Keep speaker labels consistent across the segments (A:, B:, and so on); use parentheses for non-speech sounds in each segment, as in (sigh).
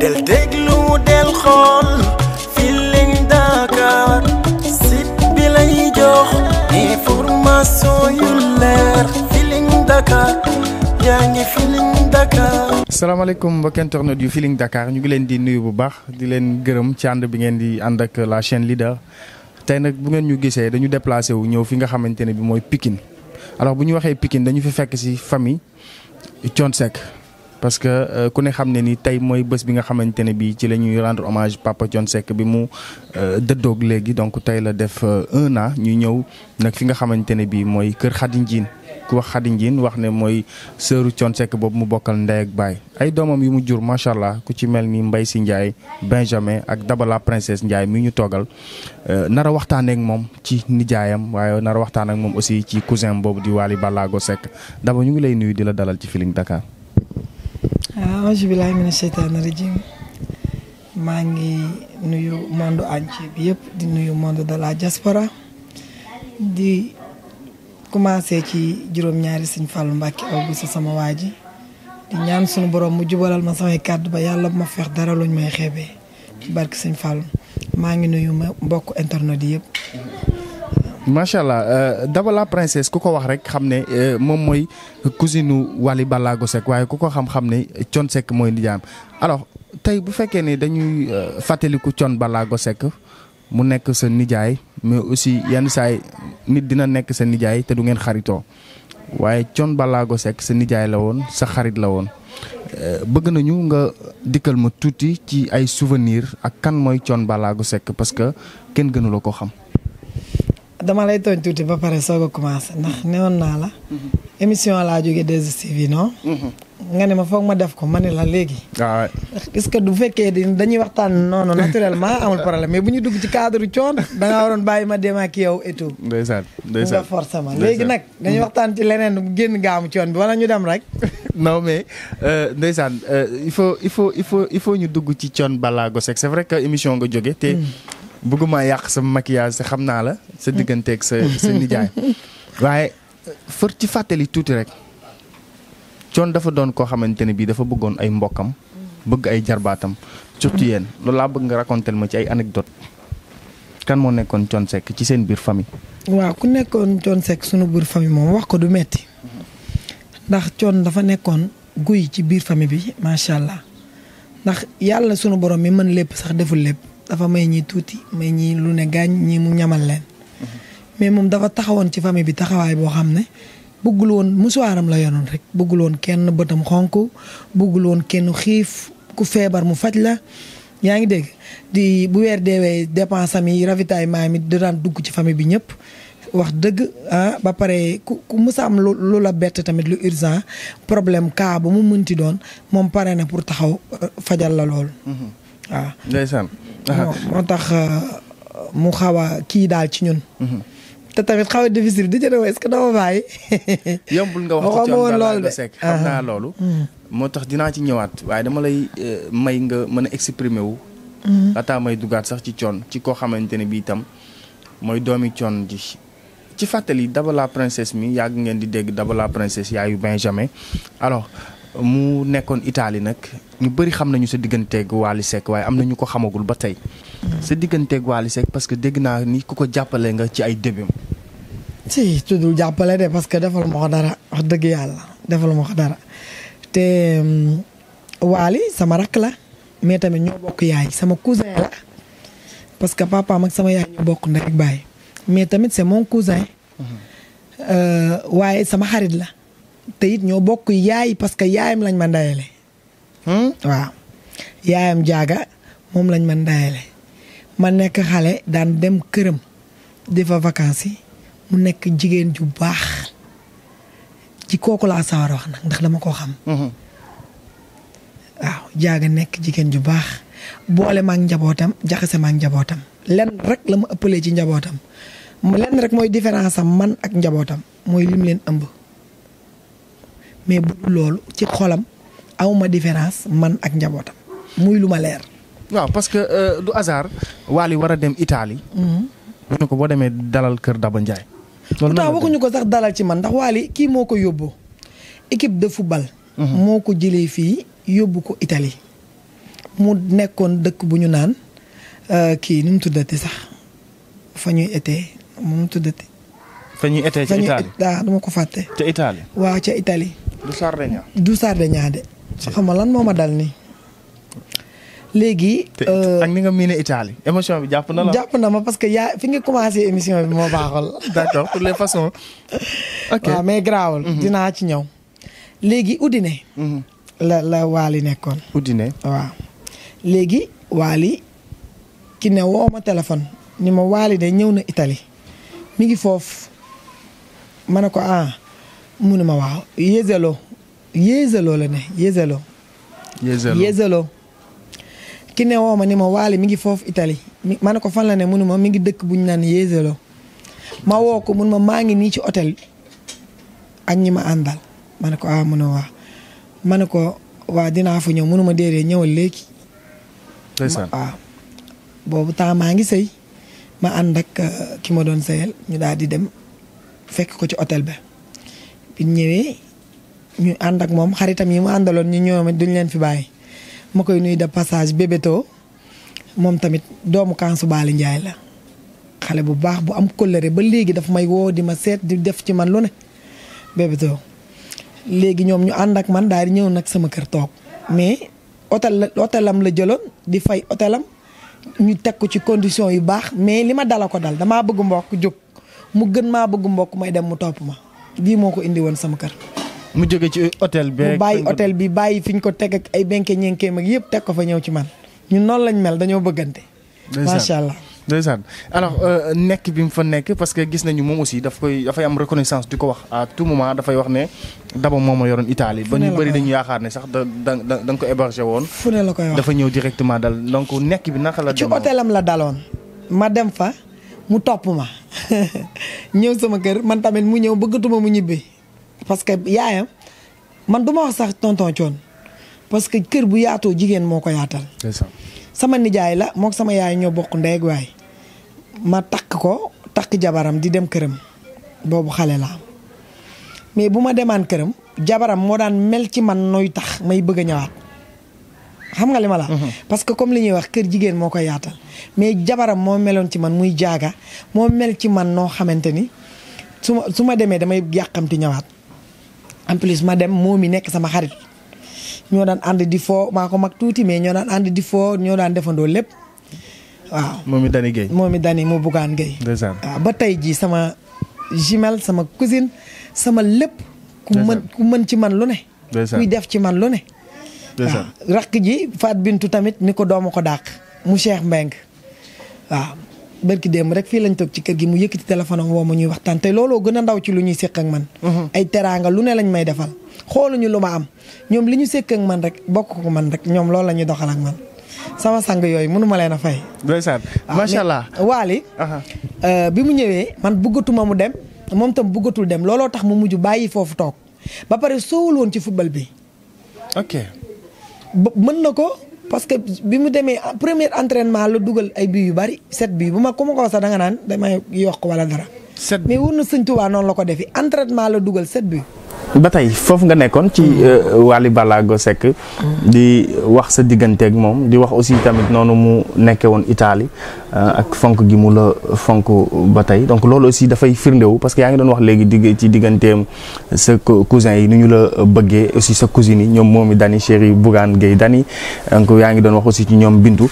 A: del déglu del xool Feeling Dakar site bi lay jox information yu
B: leer Feeling Dakar yaa ngi Feeling Dakar. salaamaaleykum mbokk internet yu Feeling Dakar ñu ngi leen di nuyu bu baax di leen gërëm ci ànd bi ngeen di ànd ak la chaîne leader tey nag bu ngeen ñu gisee dañu déplacé wu ñëw fi nga xamante ne bi mooy pikin alors bu ñu waxee Pikine dañu fi fekk ci famille Thione parce que euh, ku ne xam ne ni tey mooy bés bi nga xamante ne bii ci la ñuy rendre hommage Papa Thione Seck bi mu euh, dëddoog léegi donc tey la def euh, un an ñu ñëw nag fi nga xamante ne bii mooy kër Khady Ndiène ku wax Khady Ndiène wax ne mooy sëru Thione sekk boobu mu bokkal ndey ak baay ay doomam yu mu jur macha allah ku ci mel ni mbay si Ndiaye Benjamin ak Dabala Princesse Ndiaye mi ñu toogal nar a waxtaanee moom ci nijaayam waaye nar a waxtaan moom aussi ci cousin boobu di Waly Ballago Seck daba ñu ngi lay nuyu di la dalal ci Feeling Dakar.
A: Ah, auzu billaahi mina seytaani rajim maa ngi nuyu monde entier bi yëpp di nuyu monde de la diaspora di commencé ci juróom-ñaari sëñ Fallou Mbacke aw bi sa sama waa ji di ñaan sunu borom mu jubalal ma samay kàddu ba yàlla bu ma feex dara luñ may xeebee ci barke sëñ Fallou maa ngi nuyu ma mbokk internet yi yëpp.
B: macha allah euh, Daba la princesse ku ko wax rek xam ne euh, moom mooy cousine Wally Ballago Seck waaye ku ko xam-xam ne Thione sekk mooy nijaayam alors tey bu fekkee ne dañuy euh, fàttaliku Thione Ballago sekk mu nekk sa nijaay mais aussi yenn saay nit dina nekk sa nijaay te du ngeen xaritoo waaye Thione Ballago sekk sa nijaay la woon sa xarit la woon bëgg nañu nga dikkal ma tuuti ci ay souvenir ak kan mooy Thione Ballago sekk parce que kenn gënuloo ko xam.
A: dama lay tooñ tuuti ba pare soo a commencé na newoon naa la. émission laa jógee 2STV non. nga ne ma foog ma def ko ma ne la léegi. waaw ah est-ce que du fekkee dañuy waxtaan noonu naturellement amul problème mais bu ñu dugg ci cadre coon da ngaa waroon bàyyi ma dem ak yow et tout.
B: ndeysaan ndeysaan nga forcément léegi nag.
A: dañuy mm-hmm. waxtaan ci leneen génn gaamu coon bi wala ñu dem rek.
B: (laughs) non mais euh, ndeysaan euh, il faut il faut il faut il faut ñu dugg ci coon balaa go sek c'est que émission nga jóge te. Mm. bëgguma yàq sa maquillage te xam naa la sa digganteeg sa sa nijaay waaye fër ci fàttali tuuti rek coon dafa doon koo xamante ne bii dafa bëggoon ay mbokkam bëgg ay jarbaatam surtout yéen loolu laa bëgg nga raconter ma ci ay anecdote kan moo nekkoon Thione Seck ci seen biir famille.
A: waaw ku nekkoon Thione sekk sunu biir famille moom wax ko du metti ndax Thione dafa nekkoon guy ci biir famille bi macha allah ndax yàlla sunu borom mi mën lépp sax deful lépp. dafa may ñi tuuti may ñi lu ne gaañ ñi mu ñamal leen. mais moom dafa taxawoon ci famille bi taxawaay boo xam ne bëggul woon musuwaaram la yoroon rek bëggul kenn bëtam xonk bëggul kenn xiif ku feebar mu faj la. yaa ngi dégg di bu weer deewee dépense am yi ravitaillement mi dugg ci famille bi ñëpp wax dëgg ah ba pare ku ku mus a am lu la bett tamit lu urgent problème kaa bu mu mënti doon moom pare na pour taxaw euh, fajal la lool. Mm-hmm. waaw
B: ndeysaan moo
A: tax euh, mu xaw a kii daal ci ñun. Mhm. te tamit xaw a difficile di jënd est-ce que dama bàyyi. (laughs)
B: yombul nga wax ci woon loolu de xam naa ah. loolu. Mm. moo tax dinaa ci ñëwaat waaye dama lay euh, may nga mën a exprimer wu. Mm-hmm. laataa may duggaat sax ci coon ci koo xamante ne bii tam mooy doomi coon ji. ci fàttali Daba la princesse mi yàgg ngeen di dégg Daba la princesse yaayu Benjamin alors. mu nekkoon Italie nag ñu bëri xam nañu sa digganteeg Wally Seck waaye am na ñu ko xamagul ba tey. sa digganteeg Wally Seck parce que dégg naa ni ku ko jàppale nga ci ay début.
A: si tuddul jàppale de parce que defal ma ko dara wax dëgg yàlla defal ma ko dara te mm, Wally sama rakk la mais tamit ñoo bokk yaay sama cousin la parce que papaam ak sama yaay ñoo bokk ndey ak baay mais tamit c'est mon cousin. Mm-hmm. Euh, waaye sama xarit la. te it ñoo bokk yaay parce que yaayam lañ ma ndayale hmm? waaw yaayam jaaga moom lañ ma ndayale ma nekk xale daan dem këram di fa mu nekk jigéen ju baax ci kooku laa sawar wax nag ndax dama koo xam hmm. waaw jaaga nekk jigéen ju baax boole maag njabootam jaxase maag njabootam lenn rek la ma ëppalee ci njabootam lenn rek mooy différence am man ak njabootam mooy lim leen ëmb mais bu loolu ci xolam awma différence man ak njabootam muy lu ma leer.
B: waaw parce que euh, du hasard. Wally war a dem Italie. bu mhm. ñu ko boo demee dalal kër Daba Ndiaye. loolu pourtant waxuñu ko sax
A: dalal ci man ndax Wally kii moo ko yóbbu équipe de football. Mhm. moo ko jëlee fii yóbbu ko itali mu nekkoon dëkk bu ñu naan euh, kii nu mu tuddati sax fa ñuy été mu tuddati.
B: fa ñuy été ca Italie fa
A: ñuy ah, ko fàtte. ca Italie waa ca itali du sardeña du sardeña de. xam nga lan moo ma dal nii.
B: léegi. Euh, ak ni nga miine Italie émission bi jàpp na
A: la. ma parce que yaa fi nga commencé émission bi moo baaxal. (laughs) d'accord pour les (laughs) waaw mais garaawul. Mhm. dinaa ci ñëw. léegi Udine. Mhm. la la Waali nekkoon. Udine waaw. léegi Waali ki ne woo ma téléphone ni ma Waali de ñëw na itali mi ngi foofu ma ne ko ah. mu ne ma waaw yéezeloo yéezeloo la ne yéezeloo. yéezeloo yéezeloo. ki ne woo ma ni ma waale mi ngi foofu itali man ne ko fan la ne mu ne mi ngi dëkk bu ñu naan yéezeloo ma woo ko mu ne ma maa ngi nii ci hôtel ak ñi ma àndal ma ne ko ah mu waa ma ne ko waa dinaa fa ñëw mu ne ma déedéet ñëwal léegi. ndeysaan waaw boobu temps maa ngi sëy ma ànd ak euh, ki ma doon sëyal ñu daal di dem fekk ko ci hôtel ba. ñëwee ñu ànd ak moom xaritam yi mu àndaloon ñu ñoom duñ leen fi bàyyi ma koy nuyu de passage bébéto moom tamit doomu Kansu Baali Njaay la xale bu baax bu am kóllëre ba léegi daf may woo di ma seet di def ci man lu ne bébéto léegi ñoom ñu ànd ak man daal di ñëw nag sama kër toog mais hôtel hôtelam la jëloon di fay hôtelam ñu teg ko ci condition yu baax mais li ma dala ko dal damaa bëgg mbokk jóg mu gën maa bëgg mbokk may dem mu topp ma bii moo ko indi woon sama kër.
B: mu jóge ci hôtel bi mu bàyyi hôtel
A: bi bàyyi fi ñu ko teg ak ay benke ñenkeem ak yëpp teg ko fa ñëw ci man ñun noonu lañ mel dañoo bëggante. macha allah.
B: ndeysaan alors euh, nekk bi mu fa nekk parce que gis nañu moom aussi daf koy dafay am reconnaissance di ko wax à tout moment dafay wax ne daba moom a yoroon Italie ba ñu bëri dañu yaakaar ne sax da da da ko hébergé woon. fu ne la koy wax dafa ñëw directement dal donc nekk bi naka la. ci hôtelam
A: la daloon ma dem mu topp ma (laughs) ñëw sama kër man tamit mu ñëw bëggatuma mu ñibbi parce que yaayam man duma wax sax tonton coon parce que kër bu yaatoo jigéen moo ko yaatal. sama nijaay la mook sama yaay ñoo bokk ndeeg waay ma takk ko takk jabaram di dem këram boobu xale la am mais bu ma demaan këram jabaram moo daan mel ci man nooy tax may bëgg a xam nga li ma la mhm. parce que comme li ñuy wax kër jigéen moo ko yaatal mais jabaram moo meloon ci man muy jaaga moo mel ci man noo xamante ni su ma su ma demee damay yàqamti ñëwaat en plus ma dem moom mi nekk sama xarit ñoo daan ànd di foo maa ko mag tuuti mais ñoo daan ànd di foo ñoo daan defandoo lépp
B: waaw. moom mi Dani Guèye
A: moom mi Dani mu Bougane Guèye. waaw ba tey jii sama jumelle sama cousine sama lépp. ku mën ku mën ci man lu ne. kuy def ci man lu ne. Ah, rakk ji faat bintu tamit ni ko dooma ko dàq mu Cheikh Mbeng waaw barki démb rek fii lañ toog ci kër gi mu yëkkati téléphone am woo ma ñuy waxtaan te looloo gën a ndaw ci lu ñuy séq ak man mhm. ay teraanga lu ne lañ may defal xooluñu lu ma am ñoom li ñu séq man rek bokk ko man rek ñoom loolu la ñuy doxal ak man sama sang yooyu mënu ma leen a fay ndeysaan macha allah waali euh, bi mu ñëwee man buggatuma mu dem moom tam bëggatul dem looloo tax mu mujj bàyyi foofu toog ba pare soowul woon ci football bi mën na ko parce que bi mu demee premier entraînement la dugal ay bi yu bari set bi bu ma ku ma ko sax da nga naan damay yokk wala dara. mais wóor na sëñ Tuubaa noonu la ko defi entraînement la dugal set bi.
B: ba tey foofu nga nekkoon ci mm. euh, Wally Ballago Seck mm. di wax sa diggante digganteeg moom di wax aussi tamit noonu mu nekkee woon Italie euh, ak fonk gi mu la fonk ba tey donc loolu aussi dafay firndewu parce que yaa ngi doon wax léegi digg ci digganteem sa cousin yi ni ñu la bëggee aussi sa cousine yi ñoom moom moomi Dani chéri Bougane géey Dani donc yaa ngi doon wax aussi ci ñoom Bintu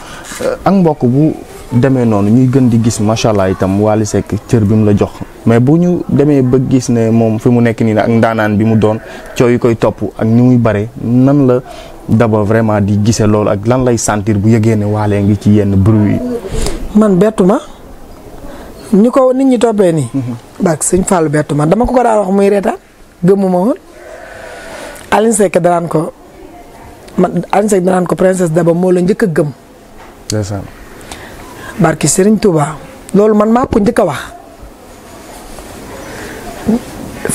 B: euh, ak mbokk bu demee noonu ñuy gën di gis macha allah itam Wally Seck cër bi mu la jox mais bu ñu demee ba gis ne moom fi mu nekk nii ak ndaanaan bi mu doon coow yi koy topp ak ni muy bare nan la d'abord vraiment di gisee loolu ak lan lay sentir bu yëgee ne waalee ngi ci yenn bruit yi.
A: man bettu ma ñu ko nit ñi toppee nii. Mhm. bak sëñ Fallou bettu ma dama ko ko daan wax muy reeta gëmmuma woon Alioune Seck danaan ko man Alioune Seck ko princesse Daba moo la njëkk a gëm. barki Serigne Touba loolu man maa ko njëkk a wax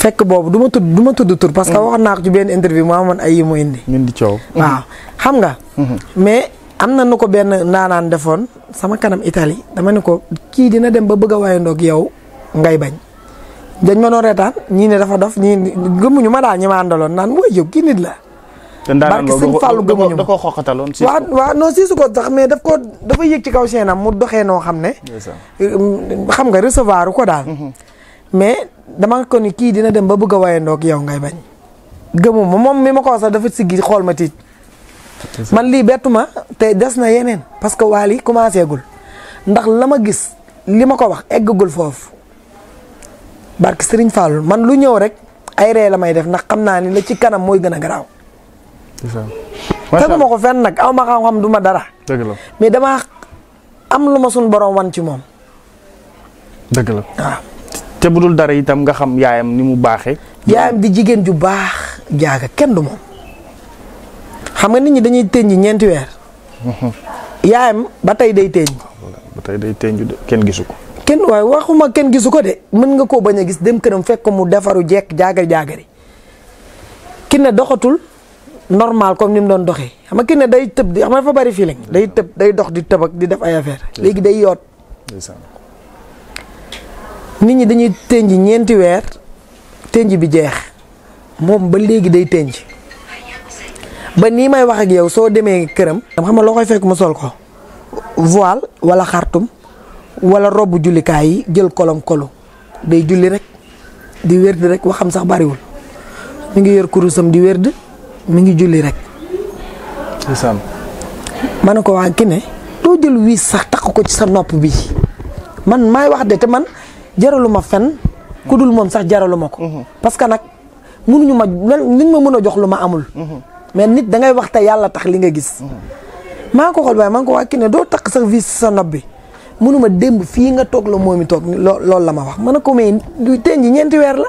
A: fekk boobu duma ma tudd du ma tudd tur. parce que mm. wax naa ko ci benn interview maa man ay yi mu indi. ñun di coow. Mm-hmm. waaw xam nga. Mm-hmm. mais am na nu ko benn ndaanaan defoon sama kanam Italie dama ne ko kii dina dem ba bëgg a waayandoog yow ngay bañ. dañ ma doon reetaan ñii ne dafa dof ñii ñu ma daal ñi ma naan mooy yow kii nit la. barke sëñ Fallou gëmuñu da koo xoqataloon waaw waaw non siisu ko sax mais daf ko dafa yëg ci kaw seenam mu doxee noo xam ne euh, xam nga recevoir ko daal mm-hmm. mais dama ko ni kii dina dem ba bëgg a wayandoog yow ngay bañ gëmuma moom mi ma ko sax dafa siggi xool ma tiit man lii bettu ma te des na yeneen parce que waal yi ndax la ma gis li ko wax eggagul foofu barke sëriñ Fallou man lu ñëw rek ay ree la may def ndax xam naa ni la ci kanam mooy gën a garaaw tegu ma ko fenn nag aw ma xam-xam du ma dara. dëgg la mais dama am lu ma suñ borom wan ci moom.
B: dëgg la te bu dul dara itam nga xam yaayam ni mu baaxee.
A: yaayam di jigéen ju baax jaaga kenn du moom. xam nga nit ñi dañuy tëññi ñeenti weer. Mhm. yaayam ba tey day tëññ.
B: ba tey day kenn gisu ko.
A: kenn waaye waxuma kenn gisu ko de mën nga koo bañ a gis dem këram fekk ko mu defaru jekk jaagar jaagari ki ne doxatul. normal comme ni mu doon doxee xam nga ne day tëb di xam nga dafa bari feeling day tëb day dox di tëb di def ay affaire léegi day yoot nit ñi dañuy tënji ñeenti weer tënji bi jeex moom ba léegi day tënji ba nii may wax ak yow soo demee këram dama xam nga loo koy fekk mu sol ko voile wala xartum wala robu jullikaay yi jël kolom kolu day julli rek di wérd rek waxam sax bariwul mu ngi yor kurusam di wérd mi ngi julli rek. isaan. ma ne ko waa ki ne doo jël wiis sax takk ko ci sa nopp bi man maay wax de te man jaraluma fen ku dul moom sax jaraluma ko. Mhm. parce que nag mënuñu ma lan li ma mën a jox lu ma amul. Mhm. mais nit da ngay wax te yàlla tax li nga gis. Mhm. maa ko xool waaye maa ko waa ki doo takk sa wiis sa nopp bi. mënuma démb fii nga toog la moomi toog loo loolu la ma wax mën a ko lu tënj ñeenti weer la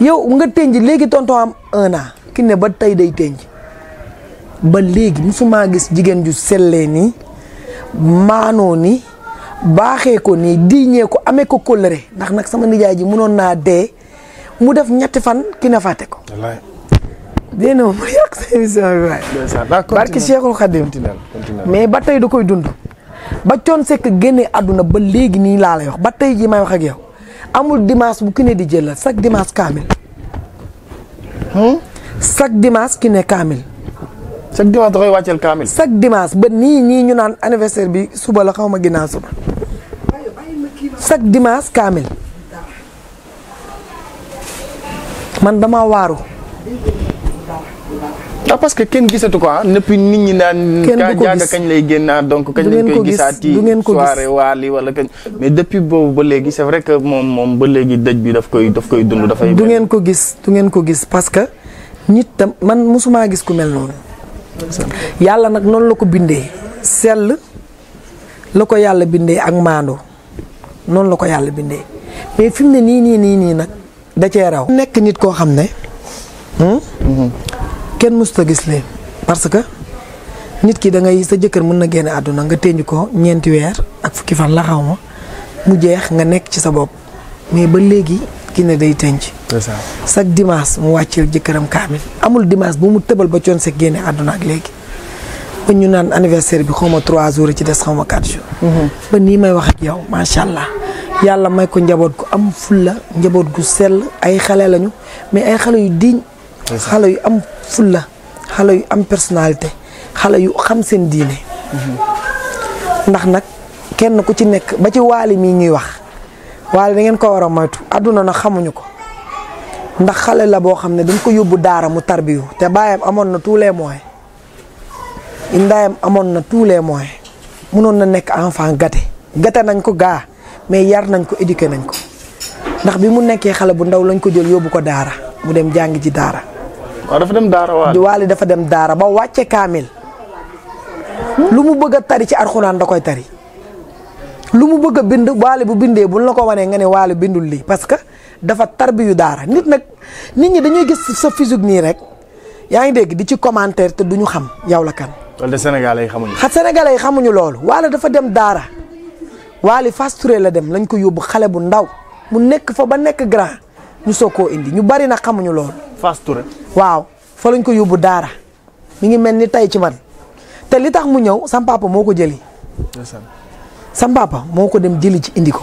A: yow nga tënj léegi tonton am un ki ne ba tey day teñj ba léegi musumaa gis jigéen ju sellee nii maanoo ni baaxee ko nii diiñee ko amee ko kóllëre ndax nag sama nijaay ji mënoon naa dee mu def ñetti fan ki ne fàtte ko. wallaay. dégg nga ma mais ba tey da koy dund. ba coon sekk génne àdduna ba léegi nii laa lay wax ba tey ji may wax ak yow amul dimanche bu ki di jël la chaque dimanche kaamil. Hmm? chaque dimanche ki ne kaamil. chaque dimanche da koy kaamil. chaque dimanche ba nii nii ñu naan anniversaire bi suba la xaw ma ginaa suba chaque dimanche kaamil man dama waaru. ah parce kenn gisatu ko ah nëpp
B: nit ñi daan. kenn du ko gis kañ lay génnaat ah, donc. kañ lañ koy gisaati ah, soirée waali wala kañ. mais depuis boobu ba léegi c'est vrai que moom moom léegi dëj bi daf koy daf koy dund. dafay du ngeen
A: ko gis du ngeen ko gis parce que. nit tam man mosumaa gis ku mel noonu yàlla nag noonu la ko bindee sell la ko yàlla bindee ak maandoo noonu la ko yàlla bindee mais fi mu ne nii nii nii nii nag da cee raw nekk nit koo xam ne hmm? mhm. kenn mësuta gis leen parce que nit ki da ngay sa jëkkër mun na génne àdduna nga tënj ko ñeenti weer ak fukki fan la xaw ma mu jeex nga nekk ci sa bopp mais ba léegi ki ne day tënj chaque dimanche mu wàcceel jëkkëram kaamil amul dimanche bu mu tëbal ba coon sek génne àdduna ak léegi ba ñu naan anniversaire bi xaw ma trois jours ci des xaw ma quatre jours mhm. ba nii may wax ak yow macha allah yàlla may ko njaboot gu am fulla njaboot gu sell ay xale lañu mais ay xale yu diñ xale yu am fulla xale yu am personnalité xale yu xam seen diine mhm. ndax nag kenn ku ci nekk ba ci waali mii ñuy wax waali da ngeen ko war a moytu àdduna na xamuñu ko ndax xale la boo xam ne dañ ko yóbbu daara mu tarbiyu te baayam amoon na tous les moyens ndaayam amoon na tous les moyens mënoon na nekk enfant gate gâté nañ ko gaa mais yar nañ ko éduqué nañ ko ndax bi mu nekkee xale bu ndaw lañ ko jël yóbbu ko daara mu dem jàngi ji daara. waaw dafa dem daara waale. dafa dem daara ba wàcce kaamil lu mu bëgg a tari ci arxuraan da koy tari lu mu bëgg a bind waale bu bindee buñ la ko waree nga ne waale bindul lii parce que. dafa tarbiyu daara nit nag nit ñi dañuy gis sa physique nii rek yaa ngi dégg di ci commentaire te du ñu xam yow la kan.
B: wala Sénégalais yi xamuñu. xa
A: Sénégalais yi xamuñu loolu waala dafa dem daara waali Fass Touré la dem lañ ko yóbbu xale bu ndaw mu nekk fa ba nekk grand ñu soog koo indi ñu bari nag xamuñu loolu. Fass Touré. waaw fa lañ ko yóbbu daara mu ngi mel ni tey ci man te li tax mu ñëw sam papa moo ko jëli. sam papa moo ko dem jëli ci indi ko.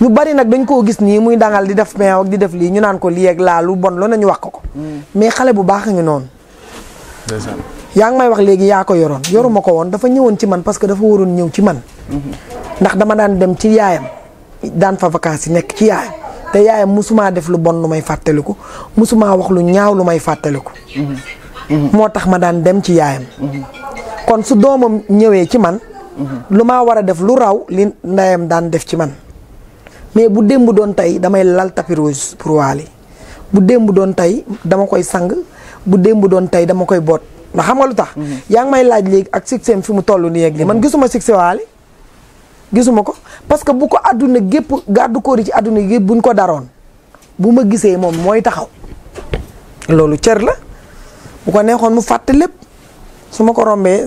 A: ñu bari nag dañ koo gis nii muy dangal di def meew ak di def lii ñu naan ko lii ak laa lu bon loolu nañu wax ko ko. Mm. mais xale bu baax a ngi noonu. yaa ngi may wax léegi yaa ko yoroon yoruma ko woon dafa ñëwoon ci man parce que dafa waroon ñëw ci man. Mm-hmm. ndax dama daan dem ci yaayam daan fa yi nekk ci yaayam te yaayam musumaa def lu bon lu may fàttaliku musumaa wax lu ñaaw lu may fàttaliku. Mm-hmm. Mm-hmm. moo tax ma daan dem ci yaayam. kon su doomam ñëwee ci man. lu maa war a def lu raw li ndeyam daan def ci man. mais bu démb doon tey damay lal tapis pour Wally bu démb doon tey dama koy sang bu démb doon tey dama koy boot ndax xam nga lu tax. Mhm. yaa ngi may laaj léegi ak succès fi mu toll nii ak nii man mhm. gisuma see Wally gisuma ko parce que bu ko àdduna gépp gàddu koor ci àdduna gépp buñ ko daroon bu ma gisee moom mooy taxaw loolu cër la bu ko neexoon mu fàtte lépp. su ma ko rombee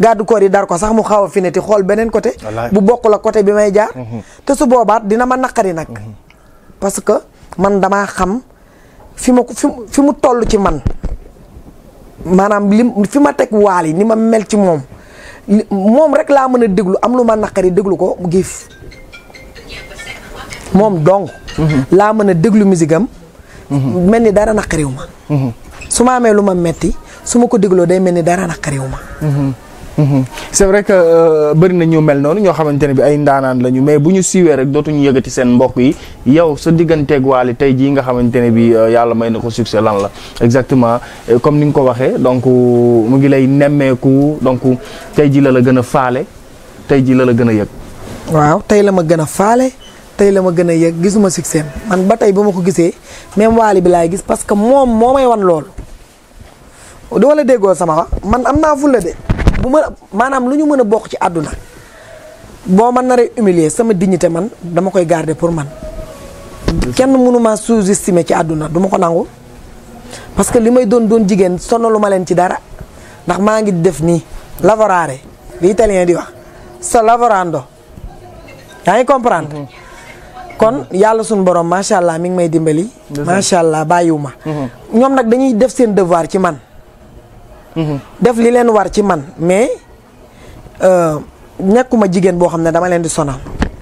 A: gàddu koor yi dar ko sax mu xaw a fineti xool beneen côté bu bokk la côté bi may jaar mhm. te su boobaat dina ma naqari nag mhm. parce que man damaa xam fi ma ko fi mu toll ci man maanaam li fi ma teg waal yi ni ma mel ci moom moom rek laa mën a déglu am lu ma naqari déglu ko giif moom donc mhm. laa mën a déglu musique am mel ni dara naqariw su ma amee lu ma metti su ma ko dégloo day mel ni dara naqariwu ma. Mhm. Mhm. c'est vrai que euh, bëri
B: na ñu mel noonu ñoo xamante ne bi ay ndaanaan lañu mais bu ñu siiwee rek dootuñu yëgati seen mbokk yi yow sa digganteeg waale tey jii nga xamante ne bi euh, yàlla may na ko succès lan la. exactement comme ni nga ko waxee donc euh, mu ngi lay nemmeeku donc tey jii la la gën a faale tey jii la la gën a yëg.
A: waaw tey la ma gën a faale tey la ma gën a yëg gisuma succès man ba tey ba ma ko gisee même waale bi laay gis parce que moom moo may wan lool. du wala déggoo sama wax man am naa fulla de bu ma maanaam lu ñu mën a bokk ci àdduna boo man naree humilier sama dignité man dama koy garder pour man kenn mënuma sous-estimer ci àdduna duma ko nangu parce que li may doon doon jigéen sonalu ma leen ci dara ndax maa ngi def nii lavorare li italien di wax sa lavorando yaa ngi comprendre mhm. kon yàlla suñu borom macha allah mi ngi may dimbali macha allah bàyyiwu ma mhm. ñoom nag dañuy def seen devoir ci man def li leen war ci man mais euh, nekkuma jigéen boo xam ne dama leen di sonal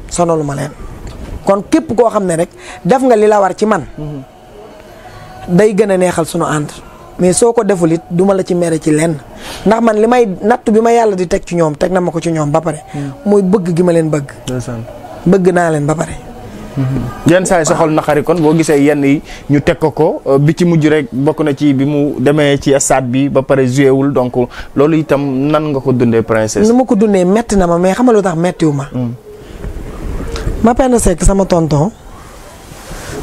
A: sonaluma leen kon képp koo xam ne rek def nga li la war ci man day gën a neexal sunu ànd mais soo ko deful it duma la ci mere ci lenn ndax man li may natt bi ma yàlla di teg ci ñoom teg na ma ko ci ñoom ba pare mooy hmm. bëgg gi ma leen bëgg bëgg naa leen ba pare
B: yenn saa yi sa xol naqari kon boo gisee yenn yi ñu teg ko ko euh, bi ci mujj rek bokk na ci bi mu demee ci stade bi ba pare joué wul donc loolu itam nan nga ko dundee princesse. nu ma
A: ko dundee metti na ma mais xam nga lu tax mettiwu ma. Hmm. ma penn sekk sama tonton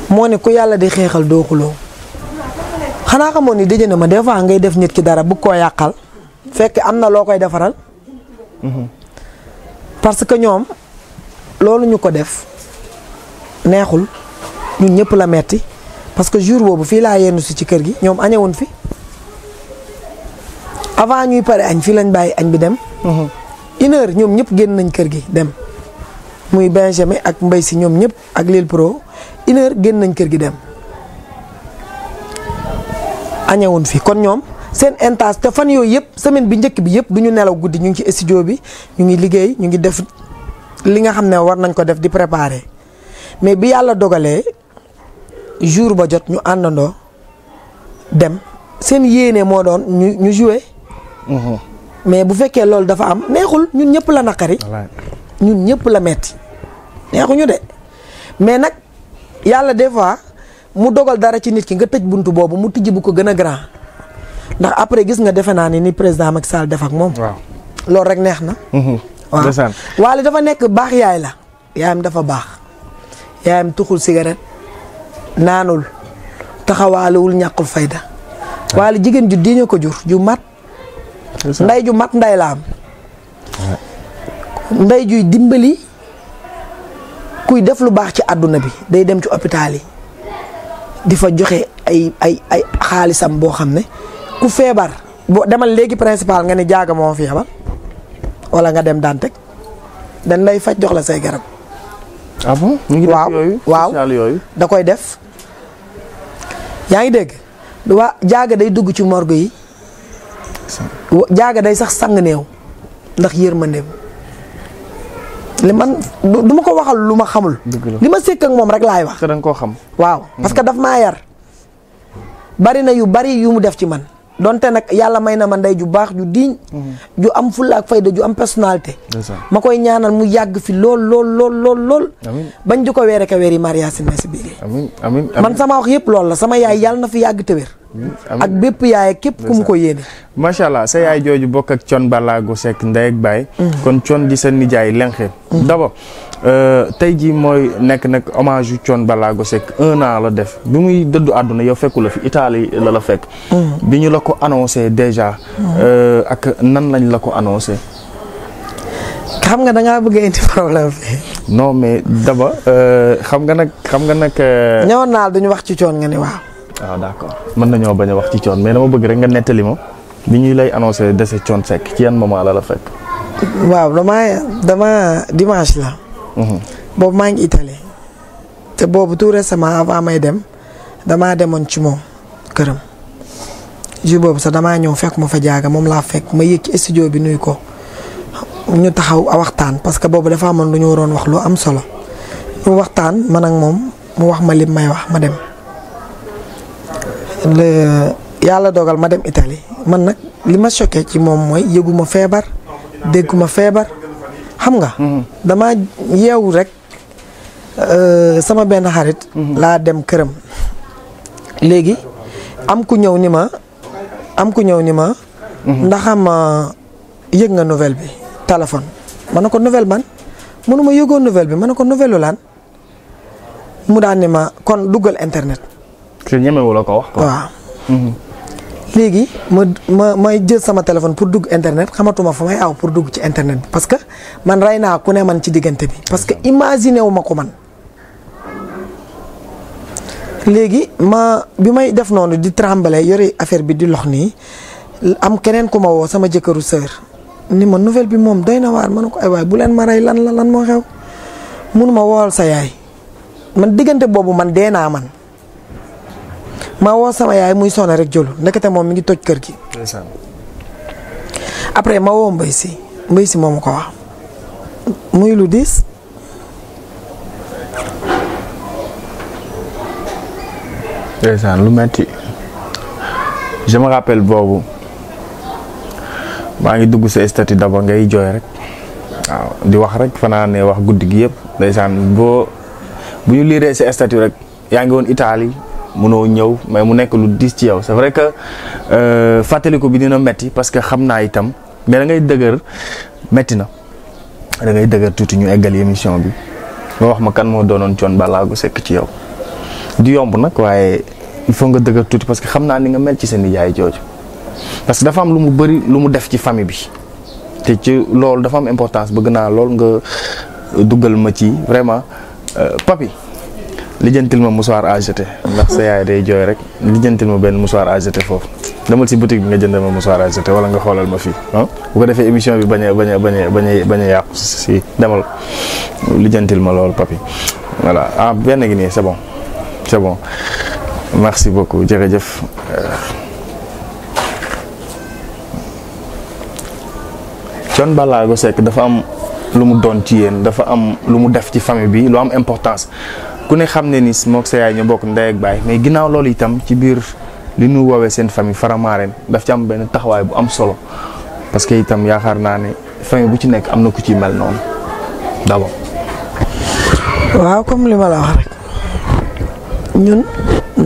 A: moo ne ku yàlla di xeexal doo xuloo xanaa xamoon ni dëjë na ma des fois ngay def nit ki dara bugg koo yàqal fekk am na loo koy defaral. Hmm. parce que ñoom loolu ñu ko def. neexul ñun ñëpp la metti parce que jour boobu fii laa yenn si ci kër gi ñoom añewuñ fi avant ñuy pare añ fii lañ bàyyi añ bi dem mhm. une heure ñoom ñëpp génn nañ kër gi dem muy Benjamin ak Mbaye si ñoom ñëpp ak Lil Pro une nañ kër gi dem añewuñ fi kon ñoom seen intas te fan yooyu yëpp semaine bi njëkk bi yëpp du ñu nelaw guddi ñu ngi ci studio bi ñu ngi liggéey ñu ngi def li nga xam ne war nañ ko def di préparer mais bi yàlla dogalee jour ba jot ñu àndandoo dem seen yéene moo doon ñu ñu joué. Mhm. mais bu fekkee loolu dafa am neexul ñun ñëpp la naqari. ñun ñëpp la metti neexu ñu de mais nag yàlla des fois mu dogal dara ci nit ki nga tëj bunt boobu mu tijji bu ko gën a grand ndax après gis nga defe naa ni ni président Macky Sall def ak moom. waaw loolu neex na. Mhm. waaw waale dafa nekk baax yaay la yaayam dafa baax. yaayam tuxul cigarette naanul taxawaaluwul ñàkkul fayda waale jigéen ju diña ko jur ju mat nday ju mat nday laam nday juy dimbali kuy def lu baax ci àdduna bi day dem ci hôpital yi di fa joxe ay ay ay xaalisam boo xam ne ku feebar boo demal léegi principal nga ne jaaga moo fi yabal wala nga dem daan teg dañ lay faj jox la say garab ah ñu ngi def yooyu waaw waaw da koy def. yaa ngi dégg waa jaaga day dugg ci morgue yi. jaaga day sax sang néew ndax yërmandeem li man du ma ko waxal lu ma xamul. li ma sekk moom rek laay wax. te koo xam. waaw parce que mm-hmm. daf maa yar. bari na yu bari yu mu def ci man. donte nag yàlla may na ma ndey ju baax ju diiñ mhm. ju am fulla ak fayda ju am personnalité ma koy ñaanal mu yàgg fi lool lool lool lool lool bañ di ko weere ka weer yi mariage na si biir man sama wax yëpp lool la sama yaay yàlla na fi yàgg te ak bépp yaay képp ku mu ko yéene macha allah sa yaay jooju
B: bokk ak con balaago sekk ndey ak baay mm. kon con di sa nijaay lenxe mm. d'abord Euh, tey jii mooy nekk nag omage yu Thione Ballago Seck un an la def bi muy dëddu àdduna yow fekku la fi Italie la la fekk. Mm. bi ñu la ko annoncé déjà. Mm. Euh, ak nan lañ la ko annoncé.
A: xam nga da bëgg indi problème fi
B: non mais daba euh, xam nga nag xam nga nag.
A: ñëwoon naa duñu wax ci coon nga ni waaw.
B: waaw ah, d'accord mën nañoo bañ a wax ci Thione mais dama bëgg rek nga nettali ma bi ñuy lay annoncé dese Thione sekk ci yan moment la la fekk.
A: waaw dama dimanche la. boobu maa ngi Italie te boobu tout récemment avant may dem damaa demoon ci moom këram jour boobu sax damaa ñëw fekk ma fa jaaga moom laa fekk ma yëg ci studio bi nuyu ko ñu taxaw a waxtaan parce que boobu dafa amoon lu ñu waroon wax lu am solo ñu waxtaan man ak moom mu wax ma lim may wax ma dem. yàlla dogal ma dem Italie man nag li ma choqué ci moom mooy yëguma feebar dégguma feebar. xam nga. Mm-hmm. dama yeewu rek euh, sama benn xarit. Mm-hmm. laa dem këram. léegi am ku ñëw ni ma am ku ñëw ni ma. Mm-hmm. ndax am euh, yëg nga nouvelle bi téléphone. man na ko nouvelle man mënu ma yëgoon nouvelle bi man ne ko nouvelle laan mu daan ni ma kon duggal internet. te
B: ñemewu la ko wax. waaw.
A: léegi ma ma may jël sama téléphone pour dugg internet xamatuma fa may aw pour dugg ci internet bi parce que man rey naa ku ne man ci diggante bi parce que imaginer wu ko man léegi ma bi may def noonu di trembler yore affaire bi di lox nii am keneen ku ma woo sama jëkkëru sœur ni ma nouvelle bi moom doy na waar ma ne ko ay waay bu leen ma rey lan la lan moo xew mënuma wowal sa yaay man diggante boobu man dee naa man ma woo sama yaay muy sonn rek jolu ndekete moom mi ngi toj kër gi. après ma woo mbay si mbay si moomu ko wax muy lu diis.
B: ndeysaan lu metti je me boobu maa ngi dugg sa statut d'abord ngay jooy rek waaw di wax rek fanaan wax guddi gi yëpp ndeysaan boo bu ñu liiree sa statut rek yaa ngi woon itali mënoo ñëw mais mu nekk lu diis ci yow c'est vrai que euh, fàttaliku bi dina metti parce que xam naa itam mais da ngay dëgër metti na da ngay dëgër tuuti ñu eggal émission bi nga wax ma kan moo doonoon balaa Ballago sekk ci yow di yomb nag waaye il faut nga dëgër tuuti parce que xam naa ni nga mel ci seen nijaay jooju parce que dafa am lu mu bëri lu mu def ci famille bi te ci loolu dafa am importance bëgg naa loolu nga euh, duggal ma ci vraiment euh, papi lijjantil ma mouchoir à jeter ndax sa yaay day jooy rek lijjantil ma benn mouchoir à jeter foofu demal si boutique bi nga jëndal ma mouchoir à jeter nga xoolal ma fii ah ko defee émission bi bañ a bañ a bañ a bañ a bañ yàqu si demal lijjantil ma loolu papi voilà ah benn gi nii c'est bon c'est bon merci jëf jërëjëf Thione euh, sekk dafa am lu mu doon ci yéen dafa am lu mu def ci famille bi lu am importance ku ne xam ne ni mook sa yaay ñu bokk ndey ak baay mais ginnaaw loolu itam ci biir li ñu woowee seen famille Faramareen daf ci am benn taxawaay bu am solo parce que itam yaakaar naa ne famille bu ci nekk am na ku ci mel noonu d'abord.
A: waaw comme li ma la wax ñun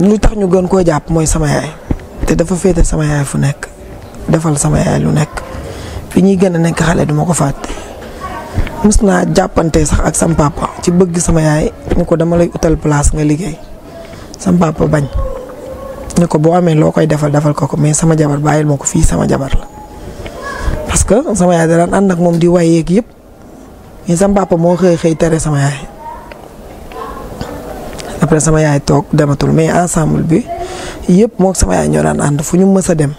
A: lu tax ñu gën koo jàpp mooy sama yaay te dafa féete sama yaay fu nekk defal sama yaay lu nekk fi ñuy gën a nekk xale duma ko fàtte. mus naa jàppante sax ak sam ci bëgg sama yaay ni ko dama lay utal place nga liggéey sam papa bañ ni ko boo amee loo koy defal defal ko ko mais sama jabar bàyyil ma ko fii sama jabar la. parce que sama yaay daan ànd ak moom di waye ak yëpp mais sam moo xëy xëy tere sama yaay après sama yaay toog dematul mais ensemble bi yëpp mook sama yaay ñoo daan ànd fu ñu mës a dem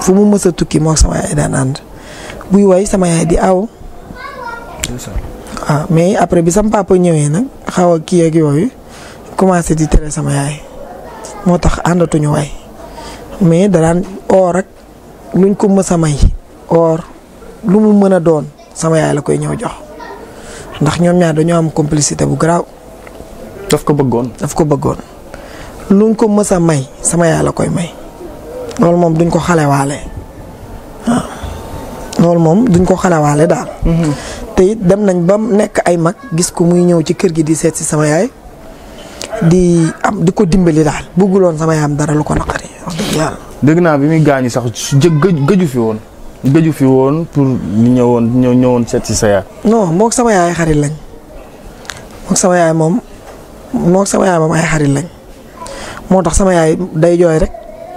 A: fu mu mës a tukki moo sama yaay daan ànd buy way sama yaay di aw. waaw ah, mais après bi sama papa ñëwee nag xaw a kii ak yooyu commencé di tere sama yaay moo tax àndatuñu waay mais danaan or ak luñ ko mës a may or lu mu mën a doon sama yaay la koy ñëw jox ndax ñoom ñaar dañoo am complicité bu garaaw. daf ko bëggoon daf ko bëggoon. luñ ko mës a may sama yaay la koy may loolu moom duñ ko xalewaale ah. loolu moom duñ ko xalewaale daal. Mm-hmm. te it dem nañ ba nekk ay mag gis ko muy ñëw ci kër gi di seet si sama yaay di am di ko dimbali daal bëgguloon sama yaay dara lu ko naqari
B: wax dëgg naa bi muy gaañu sax su gëju fi woon. gëju fi woon pour ñu ñëwoon ñëw ñëwoon seet si sa yaay.
A: non moog sama yaay xarit lañ moom moog sama yaay moo tax sama yaay day jooy rek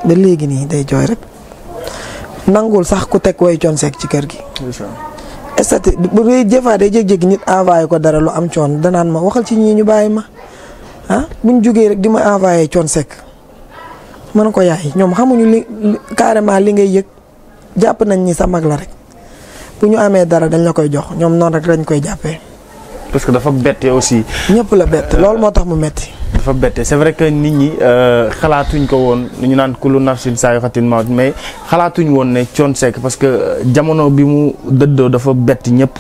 A: ba léegi nii day jooy rek nangul sax ku teg way coon ci kër gi. estati bu rëy des fois day jékki-jékki nit envoyé ko dara lu am coon danaan ma waxal ci ñii ñu bàyyi ma ah ñu jógee rek di ma envoyé coon sekk mën ko yaay ñoom xamuñu li carrément li ngay yëg jàpp nañ ni sa mag la rek bu ñu amee dara dañ na koy jox ñoom noon rek lañ koy jàppee.
B: parce que dafa bette aussi. ñëpp la bett loolu moo tax mu metti dafa bette c'est vrai que nit ñi euh, xalaatuñ ko woon ñu naan kullu nafsin saa yu xatin mais xalaatuñ woon ne Thione Seck parce que euh, jamono bi mu dëddoo dafa bett ñëpp.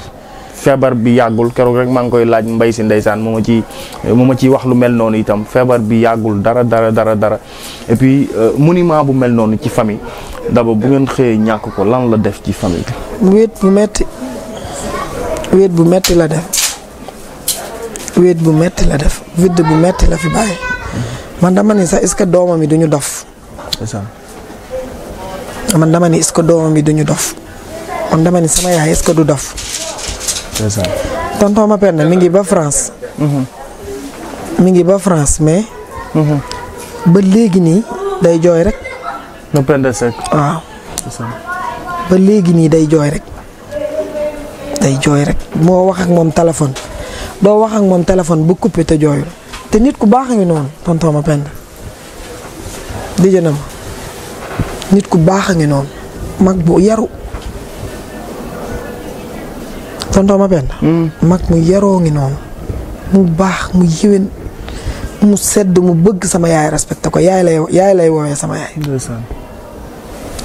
B: feebar bi yàggul keroog rek maa ngi koy laaj mbay si ndeysaan mu ma ci euh, mu ma ciy wax lu mel noonu itam feebar bi yàggul dara dara dara dara et puis monument bu mel noonu ci famille d'abord bu ngeen xëyee ñàkk ko lan la def ci famille
A: bi. wéet bu metti wéet bu metti la def. wéet bu metti la def vidde bu metti la fi bàyyi man dama ni sax est que doomam yi duñu dof man dama ni est yi duñu dof man dama ni sama yaay est du dof tonton ma perne mi ngi ba France mm-hmm. mi ngi ba France mais mm-hmm. ba léegi nii jooy rek ma nii day jooy rek day jooy rek moo wax ak moom téléphone doo wax ak moom téléphone bu coupé te jooyul te nit ku baax a ngi noonu tonton ma pend di jëna ma nit ku baax a ngi noonu mag bu yaru tonton ma pend hmm. mag mu yaroo ngi noonu mu baax mu yiwén mu sedd mu bëgg sama yaay respecté ko yaay lay yaay lay woowee sama yaay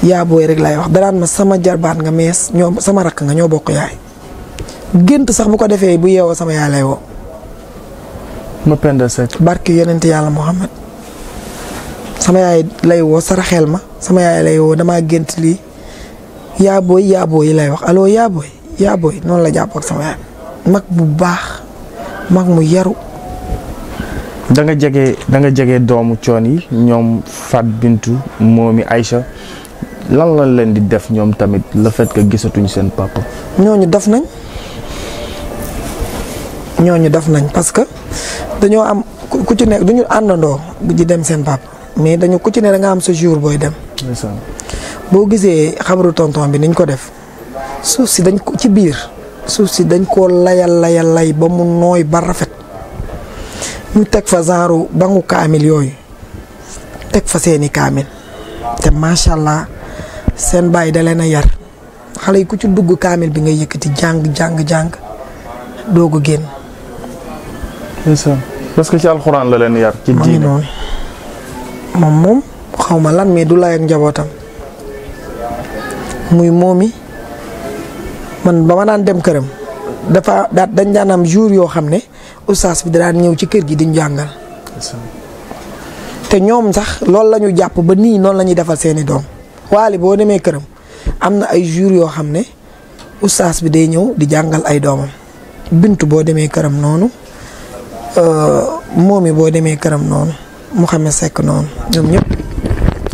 A: yaa rek lay wax daraan ma sama jarbaat nga mees ñoo sama rakk nga ñoo bokk yaay gént sax bu ko defee bu yeewoo sama yaay lay woo. ma penda Seck. barke yonent yàlla sama yaay lay woo saraxeel ma sama yaay lay woo damaa gént lii yaa booy yi lay wax aloo yaa booy yaa noonu la jàpp ak sama yaay. mag bu baax mag mu yaru.
B: danga nga jege da jege doomu coon yi ñoom Fat Bintu moomi Aïcha lan lan leen di def ñoom tamit la fait que gisatuñ seen papa.
A: ñooñu def nañ. ñooñu def nañ parce que dañoo am ku ci nekk du ñu àndandoo di dem seen pap mais dañu ku ci ne da am sa jour booy dem. boo gisee xabaru tonton bi niñ ko def suuf si dañ ko ci biir suuf si dañ koo layal layal lay ba mu nooy ba rafet mu teg fa genre bangu kaamil yooyu teg fa seeni kaamil te macha allah seen bàyyi da leen a yar xale yi ku ci dugg kaamil bi ngay yëkkati jàng jàng jàng doog a génn.
B: parce que ci alxuraan la leen yar. ci diine
A: moom moom xaw ma lan mais du lay ak njabootam muy moomi man ba ma daan dem këram dafa daat dañ daan am jour yoo xam ne ustaas bi daan ñëw ci kër gi di jàngal. te ñoom sax loolu la ñu jàpp ba nii noonu la ñuy defal seeni doom waali boo demee këram am na ay jour yoo xam ne ustaas bi day ñëw di jàngal ay doomam bintu boo demee këram noonu. Euh, moom yi boo demee këram noonu Mouhamed Seck noonu ñoom ñëpp.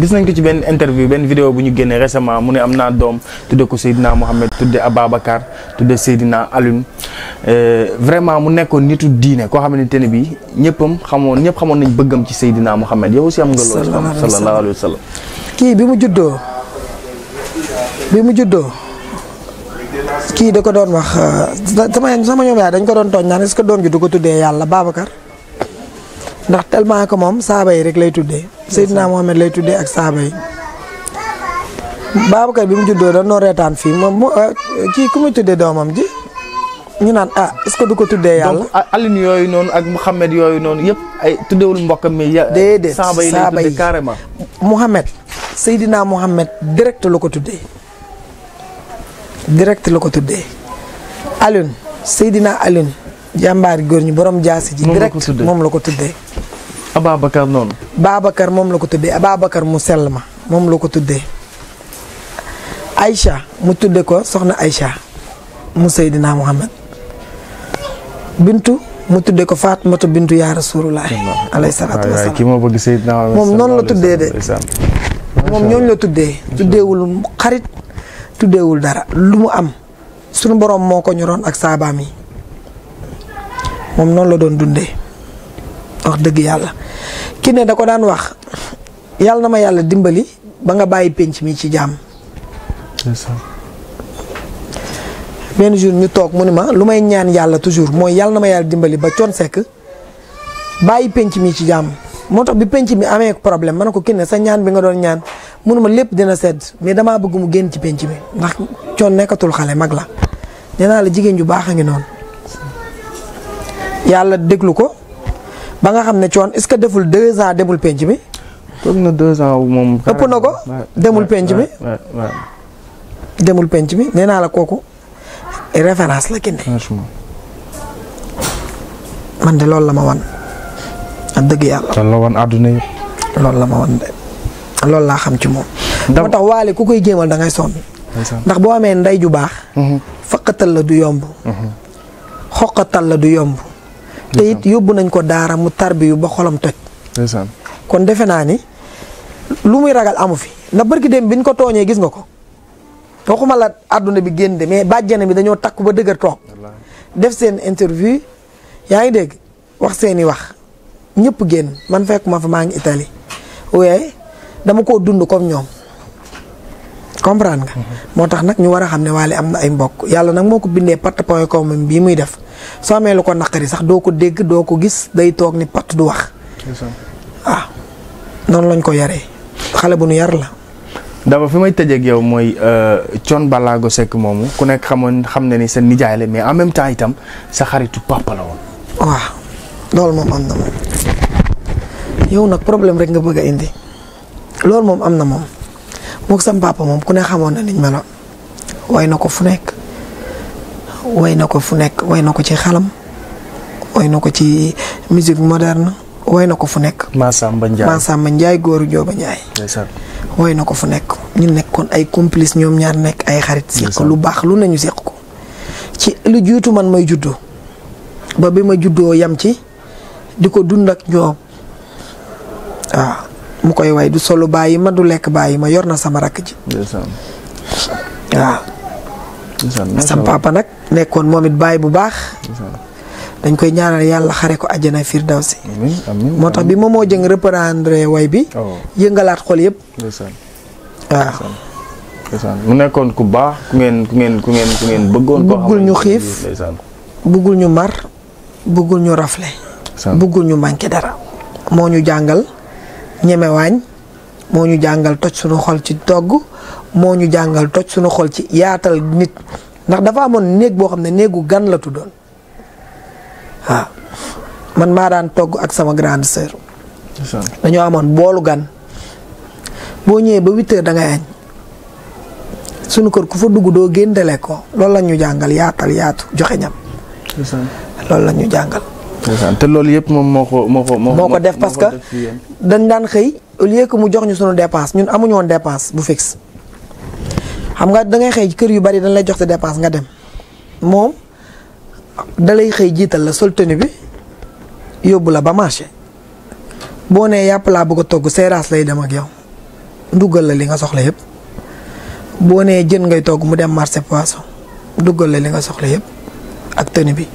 B: gis nañ ko ci benn interview benn vidéo bu ñu génnee récemment mu ne am naa doom tudde ko Seydina Mohamed tudde Ababacar tudde Seydina Alioune euh, vraiment mu nekkoon nitu diine koo xamante ne bi ñëppam xamoon ñëpp xamoon nañ bëggam ci Seydina Mohamed yow si am nga loolu sallallahu alayhi wa sallam
A: kii bi mu juddoo bi mu juddoo kii da ko doon wax euh, sama sama ñoom yaay dañ ko doon tooñ naan est-ce que doom du ko tuddee yàlla Babacar ndax tellement moom saaba yi rek lay tuddee Seydina Mohamed lay tuddee ak saaba yi bi mu juddoo dañ doon reetaan fii moom euh, kii ku muy tuddee doomam ji ñu naan ah est-ce que du ko tuddee yàlla. donc
B: Aline yooyu noonu ak Mouhamed yooyu noonu yëpp ay tuddewul mbokkam mi. déedéet saaba yi lay tuddee carrément.
A: Mouhamed Seydina Mouhamed direct la ko tuddee. direct la ko tuddee Alioune Seydina Alioune jàmbaari góor ñi borom jaasi ji direct moom la ko tuddee
B: Ababacar noonu
A: Babacar moom la ko tuddee Ababacar mu sell ma moom la ko tuddee Aïcha mu tudde ko soxna Aïcha mu Seydina Muhammad Bintu mu tudde ko Fatimatu Bintu yaa Rasulullah alayhi salaatu
B: wasalaam moom noonu la tuddee de
A: moom ñooñu la tuddee tuddeewul xarit tuddeewul dara lu mu am sunu borom moo ko ñoroon ak saabaam yi moom noonu la doon dundee wax dëgg yàlla ki ne da ko daan wax yàlla na ma yàlla dimbali ba nga bàyyi penc mi ci jàmm benn jour ñu toog mu ni ma lu may ñaan yàlla toujours mooy yàlla na ma yàlla dimbali ba coon sekk bàyyi penc mi ci jàmm moo tax bi penc mi amee problème ma ne ko kinne sa ñaan bi nga doon ñaan munuma lépp dina sedd mais damaa bëgg mu génn ci penc bi ndax coon nekkatul xale mag la nee la jigéen ju baax a ngi noonu. yàlla déglu ko ba nga xam ne coon est-ce que deful deux ans demul penc bi. toog na deux ans moom. ëpp ko
B: demul penc bi.
A: penc bi nee naa la kooku référence la kenn. man de loolu la ma wan. ak dëgg yàlla. loolu la wan àdduna yëpp. loolu la ma wan de. loolu laa xam ci moom. moo tax waale ku koy jéemal dangay ngay sonn. ndax boo amee ndey ju baax. Mhm. faqatal la du yomb. Mhm. xoqatal la du yomb. te it yóbbu nañ ko daara mu tarbiyu ba xolam toj. kon defe naa ni lu muy ragal amu fi na barki dem bi ñu ko tooñee gis nga ko waxuma la àdduna bi génn de mais bàjjana bi dañoo takku ba dëgër toog def seen interview yaa ngi dégg wax seeni wax ñépp génn man fekkuma fi maa ngi Italie waaye dama koo dund comme ñoom comprendre nga. Mhm. moo tax nag ñu war a xam ne Wally am na ay mbokk yàlla nag moo ko bindee patt point com bii muy def soo amee lu ko naqari sax doo ko dégg doo ko gis day toog ni patt du wax. ah noonu lañ ko yaree xale bu nu yar la.
B: dama fi may tëjeeg yow mooy euh, Thione Ballago Seck moomu ku nekk xamoon xam na ni sa nijaay la mais en même temps itam sa xaritu papa la woon.
A: waaw loolu moom am na moom yow nag problème rek nga bëgg a indi. loolu moom am na moom mook sam papa moom ku ne xamoon na niñ meloon way na ko fu nekk way na ko fu nekk way na ko ci xalam way na ko ci musique moderne way na ko fu nekk. Massamba Ndiaye Massamba Ndiaye góoru Jooba Ndiaye. way na ko fu nekk ñu nekkoon ay complice ñoom ñaar nekk ay xarit. seq lu baax lu ñu seq ko. ci lu jiitu man may juddoo ba bi ma juddoo yam ci di ko dund ak ñoom waaw. mu koy way du solo bàyyi ma du lekk bàyyi ma yor na sama rakk ji waaw sam papa nag nekkoon moom it bàyyi bu baax dañ koy ñaanal yàlla xare ko àjjana firdawsi moo tax bi moom moo jëng reprendre way bi oh. yëngalaat xol yëpp waaw
B: mu nekkoon ku baax ku ngeen ku ngeen ku ngeen ku ngeen bëggoon buggul ñu xiif
A: bëggul ñu mar buggul ñu rafle bëggul ñu manqué dara moo ñu jàngal ñemewaañ moo ñu jàngal toj suñu xol ci togg moo ñu jàngal toj suñu xol ci yaatal nit ndax dafa amoon néeg boo xam ne néegu gan la tuddoon waaw man maa daan togg ak sama grande sœur dañoo amoon boolu gan boo ñëwee ba huit heures da ngay añ sunu kër ku fa dugg doo génn ko loolu la ñu jàngal yaatal yaatu joxeñam ñam loolu la jàngal
B: te loolu yëpp moom moo ko moo ko moo def parce que
A: dañ daan xëy au lieu que mu jox ñu sunu dépense ñun amuñu woon dépense bu fixe xam nga dangay xëy kër yu bari dañ lay jox sa dépense nga dem moom dalay xëy jiital la sol tenue bi yóbbu la ba marché boo nee yàpp laa bëgg a togg seeraas lay dem ak yow duggal la li nga soxla yëpp boo nee jën ngay togg mu dem marché poisson duggal la li nga soxla yëpp ak tenu bi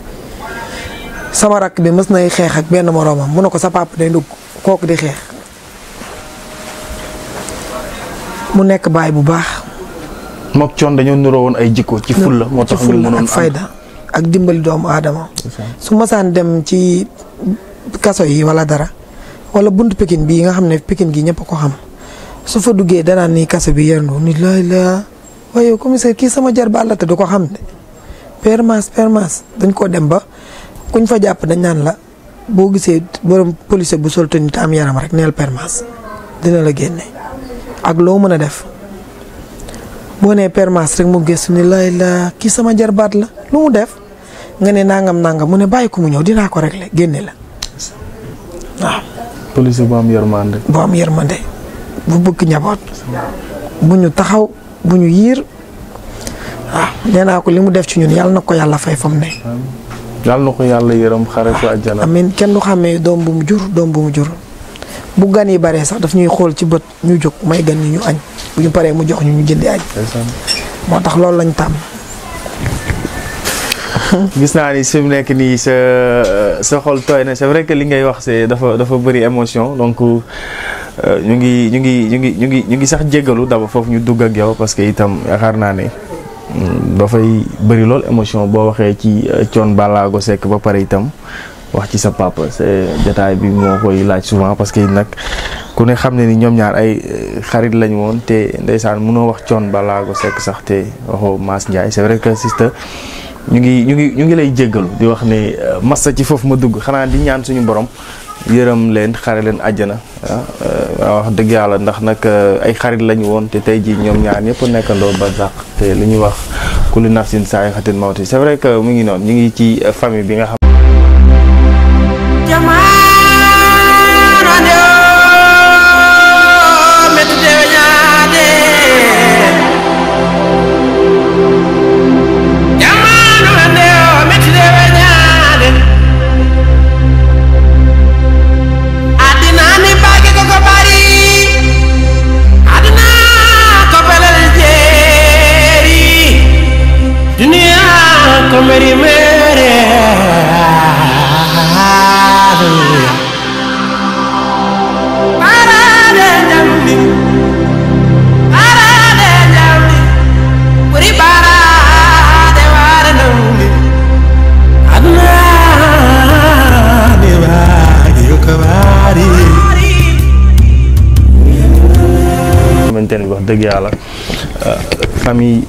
A: sama rakk bi mës nay xeex ak benn moroomam mu na ko sa papa day dugg kooku di xeex mu nekk baay bu baax.
B: moog coon dañoo nuroo woon ay jikko. ci fulla moo tax ñu mënoon ak fayda
A: ak dimbali doomu aadama. su masaan dem ci kaso yi wala dara wala bunt pikin bii nga xam ne pekin gi ñëpp ko xam su fa duggee danaan ni kaso bi yendu ni laay laa waaye commissaire kii sama jar ba àll te du ko xam de permas permas dañ koo dem ba. kuñ fa jàpp dañ naan la boo gisee borom police bu sol tenue am yaram rek neel permas dina la génne ak loo mën a def boo nee permas rek mu gëstu ni la kii sama jarbaat la lu mu def nga ne nangam nangam mu ne bàyyi ko mu ñëw dinaa ko la génne la
B: waaw. police bu am yërmande. bu am yërmande
A: bu bëgg njaboot bu ñu taxaw bu ñu yiir waaw nee naa ko li mu def ci ñun yàlla na ko yàlla fay fam ne.
B: yàlla na ko yàlla yërëm xare ko àjjana.
A: amiin kenn du xàmmee doom bu mu jur doom bu mu jur bu gan yi baree sax daf ñuy xool ci bët ñu jóg may gan yi ñu añ bu ñu paree mu jox ñu ñu jëndi añ. moo tax loolu lañ tàmm.
B: (laughs) gis naa ni fi mu nekk nii sa sa tooy na c'est vrai que li ngay wax c'est dafa dafa bëri émotion donc euh, ñu ngi ñu ngi ñu ngi ñu ngi ñu ngi sax jéggalu daba foofu ñu dugg ak yow parce que itam yaakaar naa ne. dafay bëri lool émotion boo waxee ci euh, Thione Ballago sekk ba pare itam wax ci sa papa c'est bi moo koy laaj souvent parce que nag ku ne xam ne ni ñoom ñaar ay euh, xarit lañu woon te ndeysaan mënoo wax coon Ballago Seck sax te waxoo Mass Ndiaye c'est vrai que sista ñu ngi ñu ngi ñu ngi lay jéggalu di wax ne euh, massa ci foofu ma dugg xanaa di ñaan suñu borom yërëm leen xare leen àjjana ah, eh, waaw wax dëgg yàlla ndax nag eh, ay xarit lañu woon te tey jii ñoom ñaar ñëpp nekkandoo ba zàq te li ñuy wax ku kullu nafsin saa yu xatin mawti c'est vrai que mu ngi noon ñu ngi ci famille bi nga xam.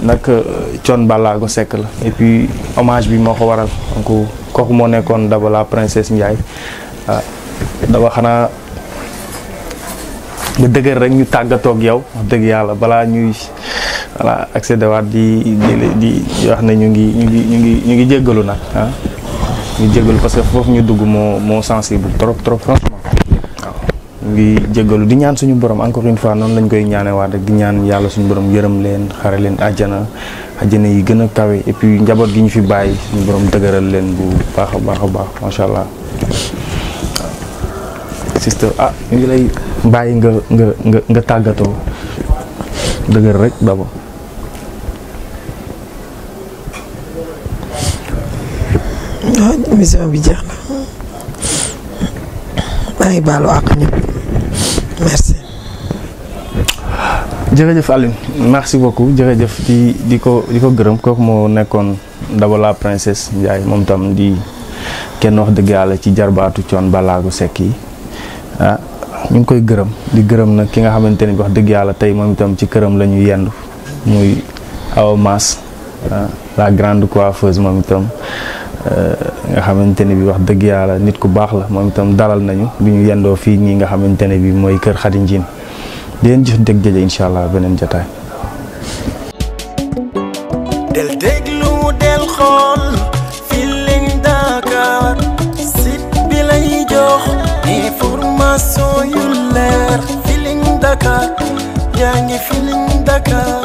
B: nag euh, Thione Ballago Seck la et puis bi moo ko waral donc kooku moo nekkoon Daba la princesse Ndiaye ah, Daba xanaa nga dëgër rek ñu tàggatoog yow dëgg yàlla balaa ñuy voilà accédé waat di di di wax ne ñu ngi ñu ngi ñu ngi ñu ngi jéggalu nag ah ñu jéggalu parce que foofu ñu dugg moo moo sensible trop trop franchement ngi jéggalu di ñaan suñu borom encore une fois noonu lañ koy ñaanewaat rek di ñaan yàlla suñu borom yërëm leen xare leen àjjana àjjana yi gën a kawe et puis njaboot gi ñu fi bàyyi suñu dëgëral leen bu baax baax a baax macha allah. sister ah nga nga nga tàggatoo dëgër rek d'abord.
A: bi jeex na maa merci.
B: jërëjëf Alioune merci beaucoup jërëjëf di di ko di ko gërëm kooku moo nekkoon Daba la princesse Ndiaye moom tam di kenn wax dëgg yàlla ci jarbaatu coon balaagu sekk yi ah ñu ngi koy gërëm di gërëm nag ki nga xamante ni wax dëgg yàlla tey moom itam ci këram la ñu yendu muy aw maas ah, la grande coiffeuse moom itam. nga xamante ne bi wax dëgg yàlla nit ku baax la moom itam dalal nañu bi ñu yendoo fii ñi nga xamante ne bi mooy kër Khady Ndiéne di leen jëf dëgg jëje incha allah beneen jotaay.